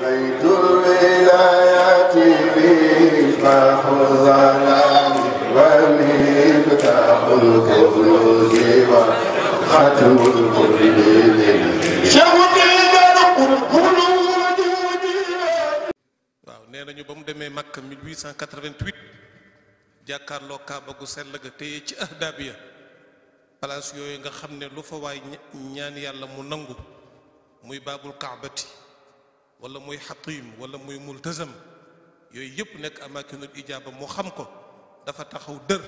بيت الولايات مفتاح الظلام ومفتاح الكنوز وختم الكل nee nañu ba mu demee Makka 1888 jàkkaarloo Kaaba gu sell ga téye ci ahdaab ya place yooyu nga xam ne lu fa waay ñaan yàlla mu nangu muy baabul kaabati wala muy xatim wala muy multazam yooyu yëpp nekk amaakinul ijaaba mu xam ko dafa taxaw dër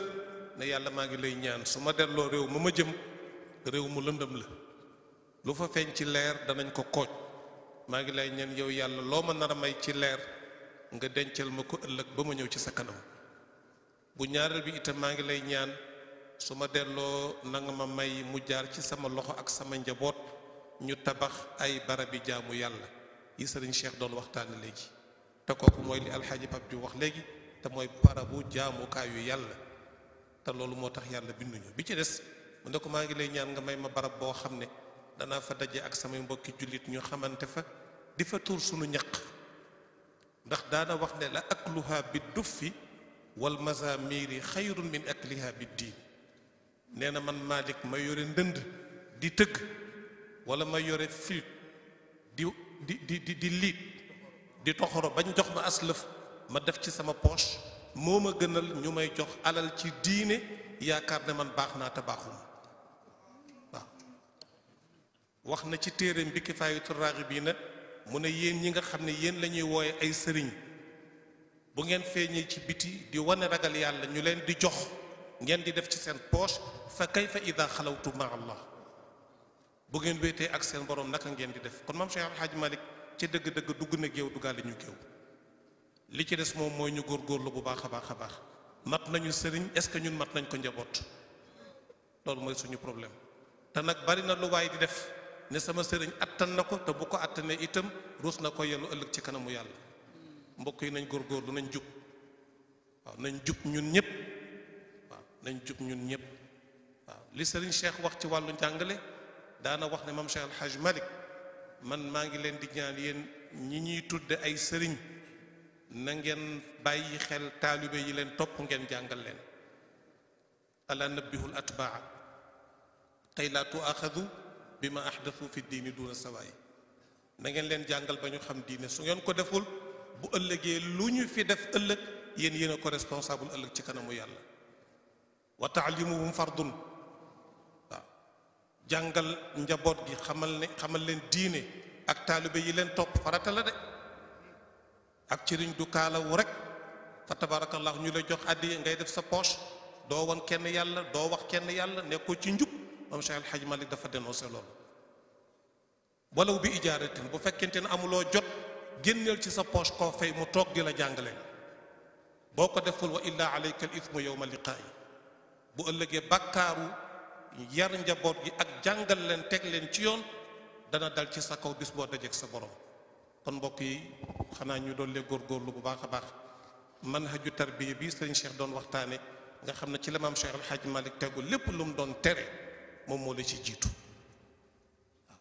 ne yàlla maa ngi lay ñaan su ma delloo réew ma ma jëm réew mu lëndëm la lu fa feeñ ci leer danañ ko kooj maa ngi lay ñaan yow yàlla loo ma nar a may ci leer nga dencal ma ko ëllëg ba ma ñëw ci sa kanam bu ñaareel bi itam maa ngi lay ñaan su ma delloo nanga ma may mu jaar ci sama loxo ak sama njaboot ñu tabax ay barabi jaamu yàlla yi sëriñ Cheikh doon waxtaane léegi te kooku mooy li alxaaji Pape Diouf wax léegi te mooy barabu jaamukaayu yàlla te loolu moo tax yàlla binduñu bi ci des mu ne ko maa ngi lay ñaan nga may ma barab boo xam ne danaa fa daje ak samay mbokki jullit ñu xamante fa di fa tuur sunu ñaq ndax daana wax ne la akluha bi duffi wal mazamiri xayrun min akliha bi diin nee na man Malick ma yore ndënd di tëgg wala ma yore filt di di di di di liit di toxoro bañ jox ma aslëf ma def ci sama poche moo ma gënal ñu may jox alal ci diine yaakaar ne man baax naa te baaxuma waaw wax na ci téeréem bi kifaayatu raaxibiina mu ne yéen ñi nga xam ne yéen la ñuy wooye ay sëriñ bu ngeen feeñee ci biti di wane ragal yàlla ñu leen di jox ngeen di def ci seen poche fa kayfa ida xalawtu ma allah bu ngeen wéetee ak seen borom naka ngeen di def kon maam Cheikh Al Hadj Malick ci dëgg-dëgg dugg na géew duggaale ñu géew li ci des moom mooy ñu góor góorgóorlu bu baax a baax a baax mat nañu sëriñ est-ce que ñun mat nañ ko njaboot loolu mooy suñu problème te nag bari na lu waay di def ne sama sëriñ attan na ko te bu ko àttanee itam ruus na ko yellu ëllëg ci kanamu yàlla mbokk yi nañ góorgóorlu nañ jub waaw nañ jub ñun ñëpp waaw nañ jub ñun ñëpp waaw li sëriñ Cheikh wax ci wàllu njàngale. daana wax ne mam Cheikh El Hadj Malick man maa ngi leen di ñaan yéen ñi ñuy tudd ay sëriñ na ngeen bàyyi xel taalibe yi leen topp ngeen jàngal leen ala nabbihul atbaa kay laa tuaxadu bi ma ahdathu fi diini duna sawaay na ngeen leen jàngal ba ñu xam diine su ngeen ko deful bu ëllëgee lu ñu fi def ëllëg yéen yéen a ko responsable ëllëg ci kanamu yàlla wa taalimuhum fardun jàngal njaboot gi xamal ne xamal leen diine ak taalibe yi leen topp farata la de ak cëriñ du kaalawu rek fa tabarakallah ñu lay jox addi ngay def sa poche doo won kenn yàlla doo wax kenn yàlla nekkoo ci njub moom Cheikh El Hadj dafa dénoncé loolu walaw bi ijaaratin bu fekkente ne amuloo jot génneel ci sa poche koo fay mu toog di la jàngale boo ko deful wa illa alayka al ithmu yowma liqaayi bu ëllëgee bàkkaaru yar njaboot gi ak jàngal leen teg leen ci yoon dana dal ci sa kaw bis boo dajeeg sa boroom kon mbokk yi xanaa ñu doon lee góorgóorlu bu baax a baax manhaju tarbiya bi sëriñ Cheikh doon waxtaane nga xam na ci la maam Cheikh Alhaaj Malick tegu lépp lu mu doon tere moom moo la ci jiitu waaw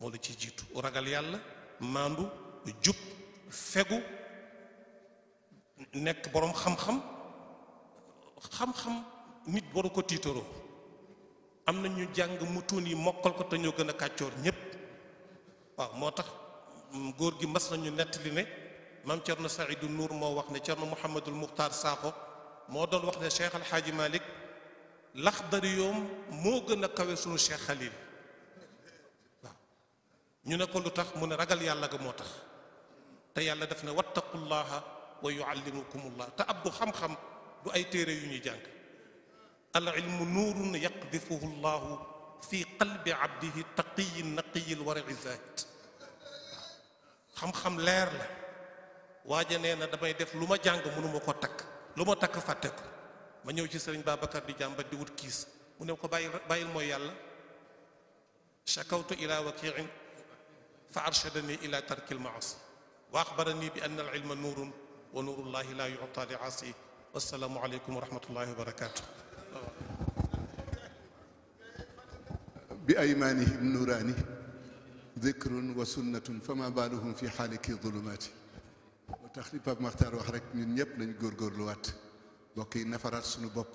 moo la ci jiitu ragal yàlla maandu jub fegu nekk boroom xam-xam xam-xam nit waru ko tiitaroo am na ñu jàng mutuun yi mokal ko te ñu gëna kacior kàccoor ñépp waaw moo góor gi mas nañu netti ne mam Cerno Saidu Nuur mo wax ne Cerno Muhammadul muhtar Saaxo mo doon wax ne Cheikh Al Hadji Malick laxdari yoom moo gën kawe sunu Cheikh khalil ñu ne ko lutax mu ne ragal yàlla ga motax tax te yàlla daf ne wattaqullaha wa yuallimukumullah ta ab du xam-xam du ay téré yu ñuy jàng العلم نور يقذفه الله في قلب عبده التقي النقي الورع الزاهد خم خم لير لا انا دمي دف لما جانغ منو مكو تك لما تك فاتك ما نيو جي سرين بابا كار دي جامبا دي ور كيس منو كو باي المو يالا شكوت إلى وكيع فأرشدني إلى ترك المعصي وأخبرني بأن العلم نور ونور الله لا يعطى لعاصيه والسلام عليكم ورحمة الله وبركاته بأيمانهم نوراني ذكر وسنة فما بالهم في حالك ظلمات moo tax li Pape Makhtar wax rek ñun ñëpp nañ góorgóorluwaat bokk yi nafaraat suñu bopp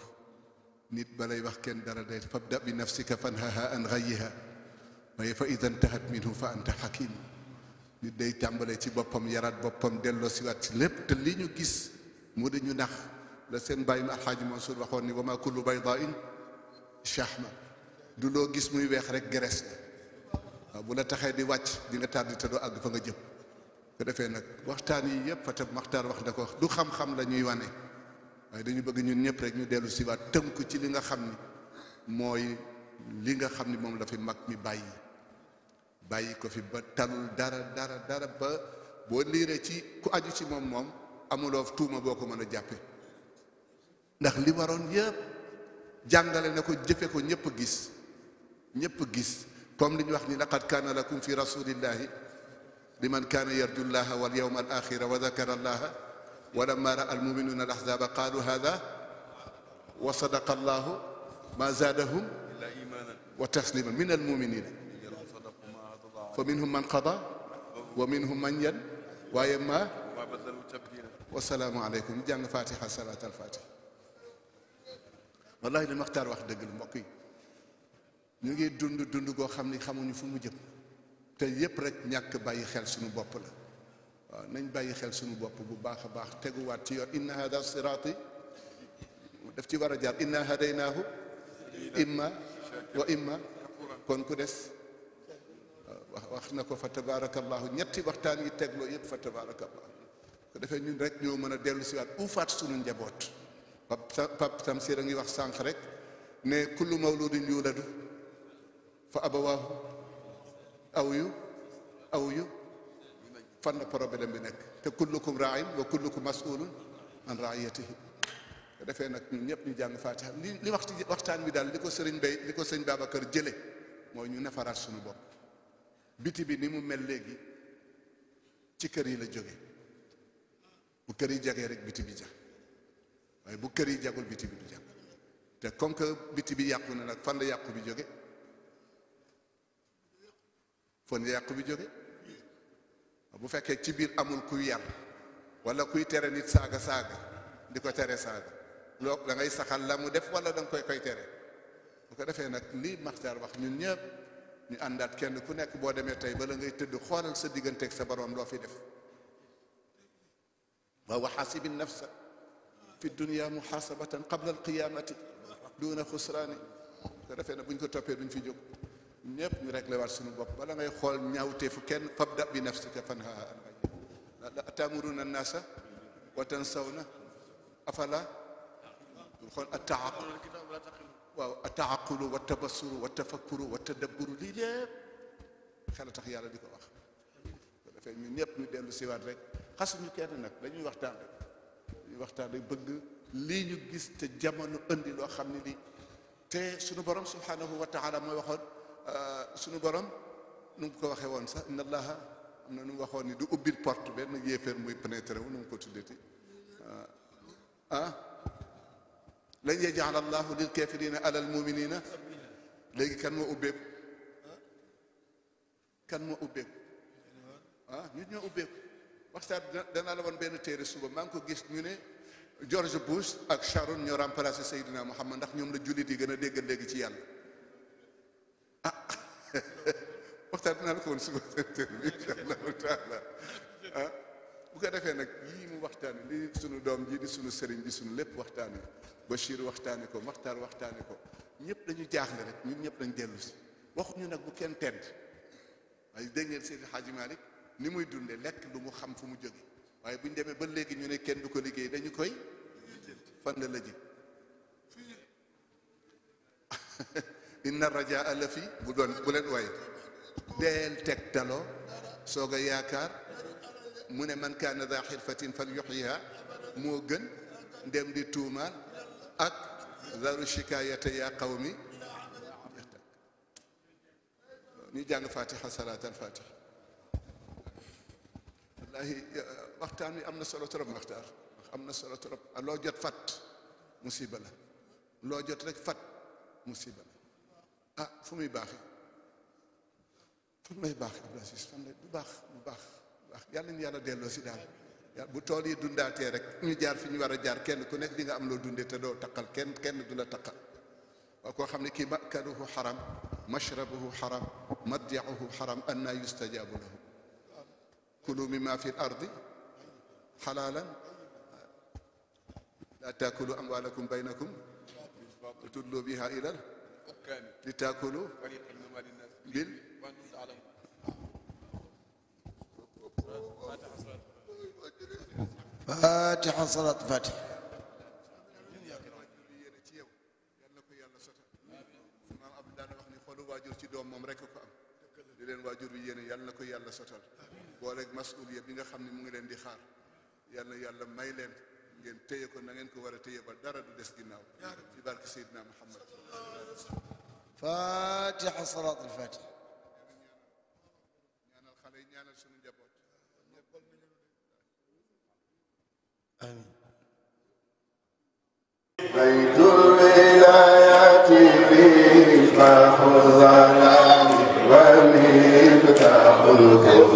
nit balay wax kenn dara day fabda bi nafsika fanhaha an ghayyiha waaye fa ida intahat minhu fa anta hakim nit day tàmbale ci boppam yaraat boppam delloo siwaat ci lépp te li ñu gis mu dañu nax la seen bàyyim alxaaji Mansour waxoon ni wa ma kullu baydain chahma du loo gis muy weex rek gerees bu la taxee di wàcc di nga àgg fa nga jëm defee nag waxtaan yi yëpp Fatab wax na ko du xam-xam wane waaye dañu bëgg ñun ñëpp rek ñu dellu si waat tënk ci li nga xam ni mooy li nga xam ni moom la mag mi bàyyi bàyyi ko fi ba talul dara dara dara ba boo liiree ci ku aju ci moom moom amuloo tuuma boo ko mën a jàppee ndax li waroon yëpp jàngale na ko jëfe ko ñëpp gis ñëpp gis comme li ñu wax ni laqad kana lakum fi rasulillahi liman kana yarju llaha wal yawm al akhir wa dhakara allaha wa lamma ra al muminuna al ahzaba qalu hadha wa sadaqa allahu ma zadahum illa zaadahum wa tasliman min al muminina fa minhum man qada wa minhum man yan wa yamma wa salaamu alaykum jàng fatiha salat al fatiha wallahi li maxtaar wax dëgg la mbokk yi ñu ngi dund dund goo xam ni xamuñu fu mu jëm te yépp rek ñàkk bàyyi xel suñu bopp la waaw nañ bàyyi xel suñu bopp bu baax a baax teguwaat ci yoon inna hada siraati daf ci war a jaar inna hadaynaahu imma wa imma kon ku des wax wax na ko fa tabarakallahu ñetti waxtaan yi tegloo yépp fa tabarakallahu ko defee ñun rek ñoo mën a dellu siwaat uufaat suñu njaboot pap pap Tamsir a ngi wax sànq rek ne kullu mawludin yuladu fa abawaahu aw yu fan la problème bi nekk te kullukum raayin wa kullukum masulun an raayatihi defee nag ñun ñëpp ñu jàng faatiha li li waxtaan bi daal li ko sëriñ Bay li ko sëriñ kër jële mooy ñu nafaraat suñu bopp biti bi ni mu mel léegi ci kër yi la jóge bu kër yi jegee rek biti bi jax waaye bu kër yi jagul biti bi du jag te comme que biti bi yàqu na nag fan la yàqu bi jóge fan la yàqu bi jóge bu fekkee ci biir amul kuy yàq wala kuy tere nit saaga saaga di ko tere saaga loo da ngay saxal la mu def wala da nga koy koy tere bu ko defee nag lii Maxtaar wax ñun ñëpp ñu àndaat kenn ku nekk boo demee tey ba la ngay tëdd xoolal sa digganteeg sa boroom loo fi def wa waxaasibin nafsa في الدنيا محاسبة قبل القيامة دون خسران رفعنا بنكو تابير من فيديو نيب نريك لبار سنو باب بلا غي خول نيو تيفكين فابدأ بنفسك فانها لا تأمرون الناس وتنسون أفلا تقول التعقل التعقل والتبصر والتفكر والتدبر لي ليب خلت خيالة ديكو واخ فين نيب ندير سيوان رك خاصني كده نك لين واحد تاني waxtaan waxtaane bëgg lii ñu gis te jamono indi loo xam ne lii te sunu borom subhanahu wa taala mooy waxoon euh, sunu borom nu mu ko waxee woon sax inna allaha am na nu waxoon ni du ubbil porte benn yéeféer muy pénétré wu nu mu ko tuddati euh, ah lan yajal allahu lil kafirina alal muminina léegi kan moo ubbeeku kan moo ubbeeku ah ñun ubbeeku waxtaan danaa la woon benn téere suba maa ngi ko gis ñu ne George Bush ak Sharon ñoo remplacé xam ma ndax ñoom la jullit yi gën a dégg dégg ci yàlla ah waxtaan dinaa la ko woon suba téere bi insha allahu taala ah bu ko defee nag yii mu waxtaan waxtaane li sunu doom ji di sunu sëriñ di sunu lépp waxtaani Bachir waxtaane ko Maxtar waxtaane ko ñëpp dañu jaaxle rek ñun ñëpp dañu dellu si waxuñu nag bu kenn tent waaye dégg ngeen Seydi Hadji ni muy dunde lekk lu mu xam fu mu jóge waaye bu ñu demee ba léegi ñu ne kenn du ko liggéey dañu koy fan la la ji inna rajaa la fi bu doon bu leen waaye deel tegtaloo soog a yaakaar mu ne man kaana daa xirfatin fal yuxyiha moo gën ndem di tuumaal ak daru shikaayata yaa qawmi ñu jàng fatiha salaat al fatiha هي وقتان امنا سولو ترب مختار امنا سولو ترب لو جات فات مصيبه لا لو جات رك فات مصيبه لا اه فمي باخي فمي باخي عبد العزيز فم لي باخ باخ باخ يالا ني يالا ديلو سي دال بو تول يي دونداتي رك ني جار في ني ورا جار كين كو نيك ديغا ام لو دوندي تا دو تاخال كين كين دولا تاخال وكو خامني كي ماكله حرام مشربه حرام مدعه حرام ان يستجاب لهم كلوا مما في الأرض حلالا لا تأكلوا أموالكم بينكم وتدلوا بها إلى لتأكلوا بال فاتحة صلاة فاتحة waajur ci doom moom ko am di leen waajur bi yàlla na ko yàlla sotal booleeg masuul yëpp ñi nga xam ne mu ngi leen di xaar yal yàlla may leen ngeen téye ko na ngeen ko war a téye ba dara du des ginnaaw ci barke Seydina Muhammad fatiha salat al fatiha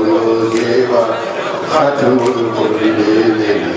الكنوز وختم الكل للناس